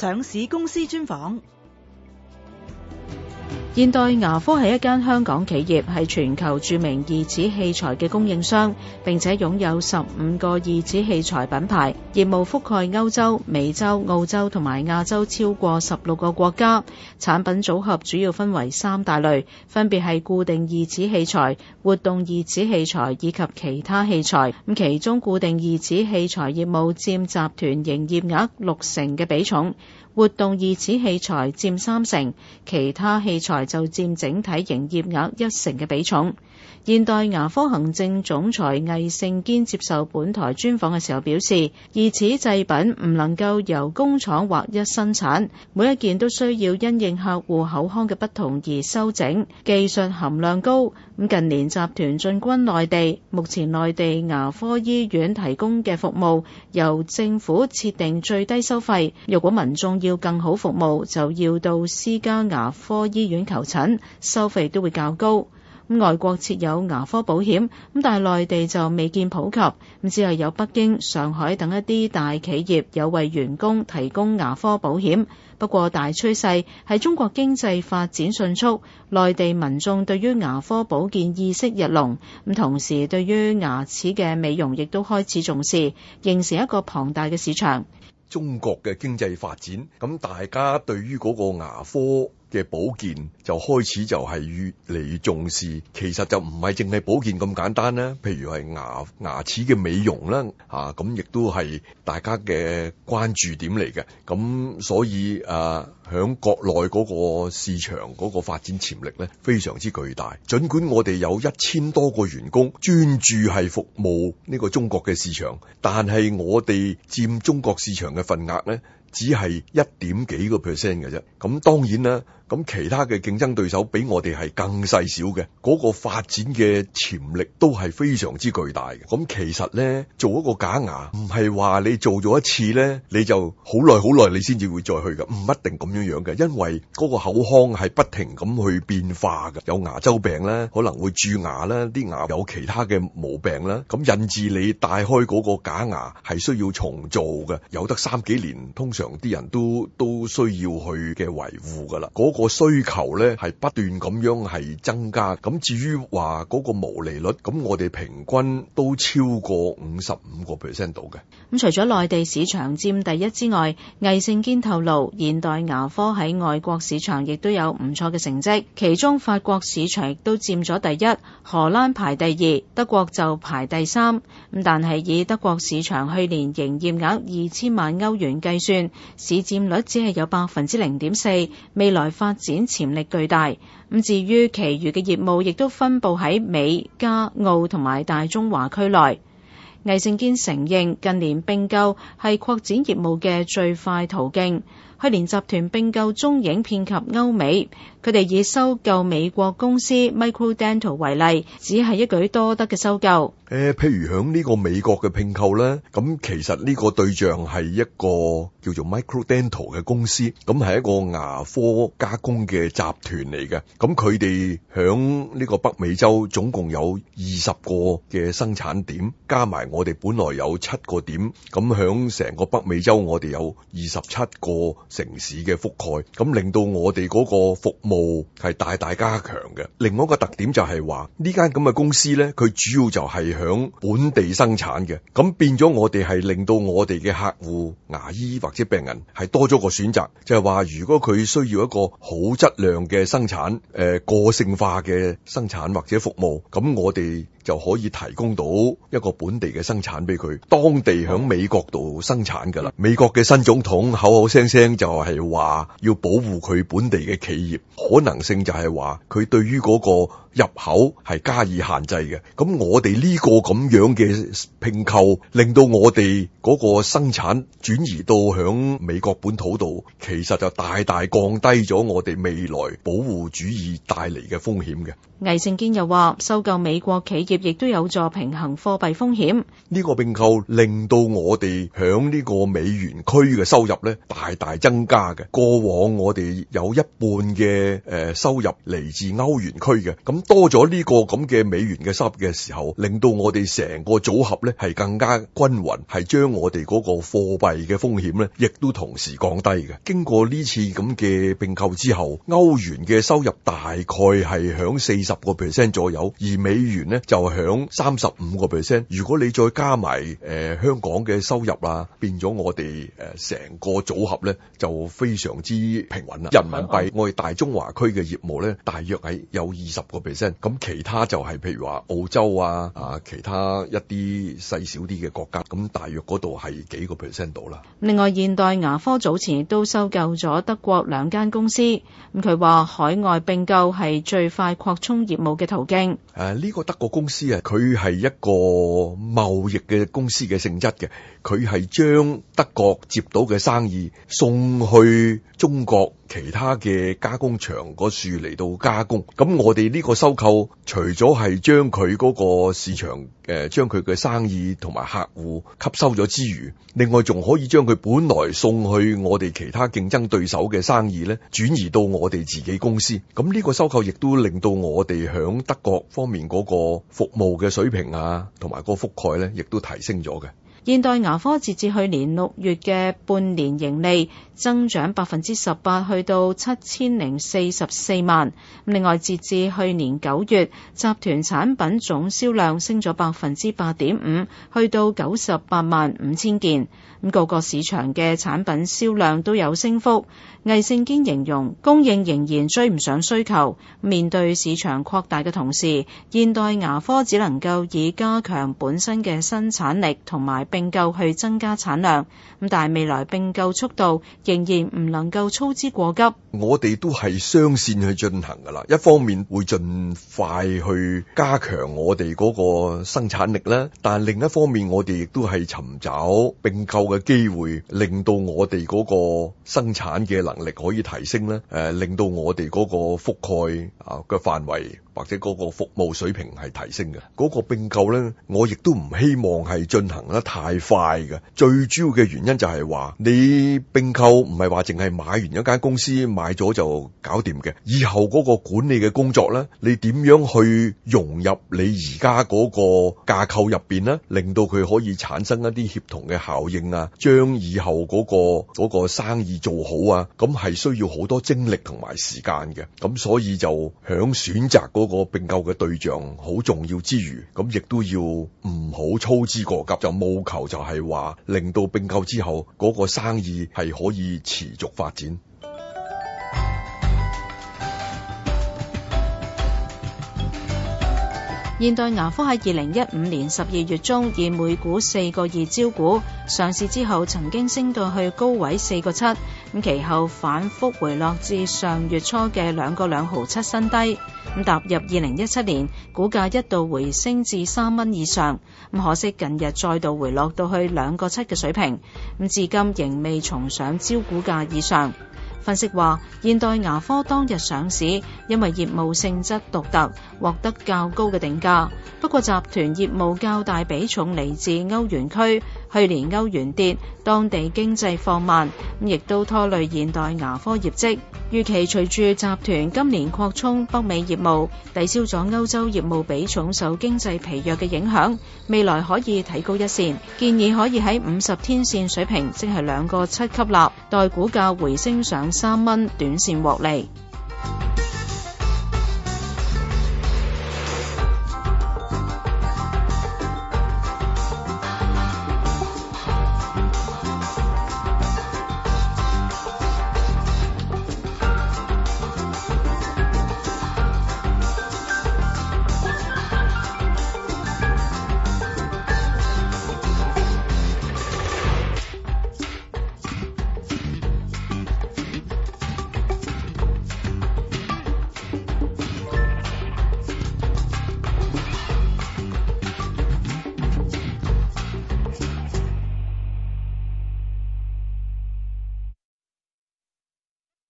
上市公司專訪。現代牙科係一間香港企業，係全球著名義齒器材嘅供應商，並且擁有十五個義齒器材品牌，業務覆蓋歐洲、美洲、澳洲同埋亞洲超過十六個國家。產品組合主要分為三大類，分別係固定義齒器材、活動義齒器材以及其他器材。咁其中固定義齒器材業務佔集團營業額六成嘅比重，活動義齒器材佔三成，其他器材就佔整體營業額一成嘅比重。現代牙科行政總裁魏聖堅接受本台專訪嘅時候表示，義齒製品唔能夠由工廠劃一生產，每一件都需要因應客戶口腔嘅不同而修整，技術含量高。咁近年集團進軍內地，目前內地牙科醫院提供嘅服務由政府設定最低收費，若果民眾要更好服務，就要到私家牙科醫院求診，收費都會較高。外國設有牙科保險，咁但係內地就未見普及，咁只係有北京、上海等一啲大企業有為員工提供牙科保險。不過大趨勢係中國經濟發展迅速，內地民眾對於牙科保健意識日隆，咁同時對於牙齒嘅美容亦都開始重視，形成一個龐大嘅市場。中國嘅經濟發展，咁大家對於嗰個牙科。嘅保健就開始就係越嚟越重視，其實就唔係淨係保健咁簡單啦。譬如係牙牙齒嘅美容啦，啊咁亦都係大家嘅關注點嚟嘅。咁、啊、所以啊，響國內嗰個市場嗰個發展潛力呢，非常之巨大。盡管我哋有一千多個員工專注係服務呢個中國嘅市場，但係我哋佔中國市場嘅份額呢。只係一點幾個 percent 嘅啫，咁當然啦，咁其他嘅競爭對手比我哋係更細小嘅，嗰個發展嘅潛力都係非常之巨大嘅。咁其實呢，做一個假牙唔係話你做咗一次呢，你就好耐好耐你先至會再去噶，唔一定咁樣樣嘅。因為嗰個口腔係不停咁去變化嘅，有牙周病咧，可能會蛀牙啦，啲牙有其他嘅毛病啦，咁引致你戴開嗰個假牙係需要重做嘅，有得三幾年通常啲人都都需要去嘅維護噶啦，嗰、那個需求咧係不斷咁樣係增加。咁至於話嗰個毛利率，咁我哋平均都超過五十五個 percent 度嘅。咁、嗯、除咗內地市場佔第一之外，魏聖堅透露現代牙科喺外國市場亦都有唔錯嘅成績，其中法國市場亦都佔咗第一，荷蘭排第二，德國就排第三。咁但係以德國市場去年營業額二千萬歐元計算。市佔率只係有百分之零點四，未來發展潛力巨大。咁至於其餘嘅業務，亦都分布喺美、加、澳同埋大中華區內。魏聖堅承認，近年並購係擴展業務嘅最快途徑。去年集團並購中影遍及歐美。佢哋以收購美國公司 MicroDental 為例，只係一舉多得嘅收購。誒，譬如響呢個美國嘅併購咧，咁其實呢個對象係一個叫做 MicroDental 嘅公司，咁係一個牙科加工嘅集團嚟嘅。咁佢哋響呢個北美洲總共有二十個嘅生產點，加埋我哋本來有七個點，咁響成個北美洲我哋有二十七個城市嘅覆蓋，咁令到我哋嗰個服務係大大加強嘅。另外一個特點就係話呢間咁嘅公司呢，佢主要就係響本地生產嘅。咁變咗我哋係令到我哋嘅客戶牙醫或者病人係多咗個選擇，就係話如果佢需要一個好質量嘅生產，誒個性化嘅生產或者服務，咁我哋就可以提供到一個本地嘅生產俾佢，當地響美國度生產噶啦。美國嘅新總統口口聲聲就係話要保護佢本地嘅企業。可能性就係話，佢對於嗰個入口係加以限制嘅，咁我哋呢個咁樣嘅併購，令到我哋嗰個生產轉移到響美國本土度，其實就大大降低咗我哋未來保護主義帶嚟嘅風險嘅。魏聖堅又話，收購美國企業亦都有助平衡貨幣風險。呢個併購令到我哋響呢個美元區嘅收入咧，大大增加嘅。過往我哋有一半嘅誒、呃、收入嚟自歐元區嘅，咁。多咗呢個咁嘅美元嘅收入嘅時候，令到我哋成個組合咧係更加均勻，係將我哋嗰個貨幣嘅風險咧，亦都同時降低嘅。經過呢次咁嘅併購之後，歐元嘅收入大概係響四十個 percent 左右，而美元咧就響三十五個 percent。如果你再加埋誒、呃、香港嘅收入啦、啊，變咗我哋誒成個組合咧就非常之平穩啦。人民幣我哋大中華區嘅業務咧大約係有二十個。咁其他就係譬如話澳洲啊、啊其他一啲細小啲嘅國家，咁大約嗰度係幾個 percent 度啦。另外現代牙科早前亦都收購咗德國兩間公司，咁佢話海外併購係最快擴充業務嘅途徑。誒、啊，呢、這個德國公司啊，佢係一個貿易嘅公司嘅性質嘅，佢係將德國接到嘅生意送去中國。其他嘅加工場個樹嚟到加工，咁我哋呢個收購除咗係將佢嗰個市場誒，將佢嘅生意同埋客戶吸收咗之餘，另外仲可以將佢本來送去我哋其他競爭對手嘅生意呢，轉移到我哋自己公司。咁呢個收購亦都令到我哋響德國方面嗰個服務嘅水平啊，同埋個覆蓋呢亦都提升咗嘅。現代牙科截至去年六月嘅半年盈利增長百分之十八，去到七千零四十四萬。另外，截至去年九月，集團產品總銷量升咗百分之八點五，去到九十八萬五千件。咁各個市場嘅產品銷量都有升幅。魏聖堅形容，供應仍然追唔上需求，面對市場擴大嘅同時，現代牙科只能夠以加強本身嘅生產力同埋併購去增加產量，咁但係未來併購速度仍然唔能夠操之過急。我哋都係雙線去進行噶啦，一方面會盡快去加強我哋嗰個生產力咧，但係另一方面我哋亦都係尋找併購嘅機會，令到我哋嗰個生產嘅能力可以提升咧。誒，令到我哋嗰個覆蓋啊嘅範圍。或者嗰個服務水平係提升嘅，嗰個併購咧，我亦都唔希望係進行得太快嘅。最主要嘅原因就係話，你併購唔係話淨係買完一間公司，買咗就搞掂嘅。以後嗰個管理嘅工作咧，你點樣去融入你而家嗰個架構入邊咧，令到佢可以產生一啲協同嘅效應啊，將以後嗰個嗰個生意做好啊，咁係需要好多精力同埋時間嘅。咁所以就響選擇嗰個。個併購嘅對象好重要之餘，咁亦都要唔好操之過急，就務求就係話令到併購之後嗰個生意係可以持續發展。現代牙科喺二零一五年十二月中以每股四個二招股上市之後，曾經升到去高位四個七，咁其後反覆回落至上月初嘅兩個兩毫七新低。踏入二零一七年，股價一度回升至三蚊以上，咁可惜近日再度回落到去兩個七嘅水平，咁至今仍未重上招股價以上。分析話，現代牙科當日上市，因為業務性質獨特，獲得較高嘅定價。不過集團業務較大比重嚟自歐元區。去年歐元跌，當地經濟放慢，亦都拖累現代牙科業績。預期隨住集團今年擴充北美業務，抵消咗歐洲業務比重受經濟疲弱嘅影響，未來可以提高一線。建議可以喺五十天線水平，即係兩個七級立，待股價回升上三蚊，短線獲利。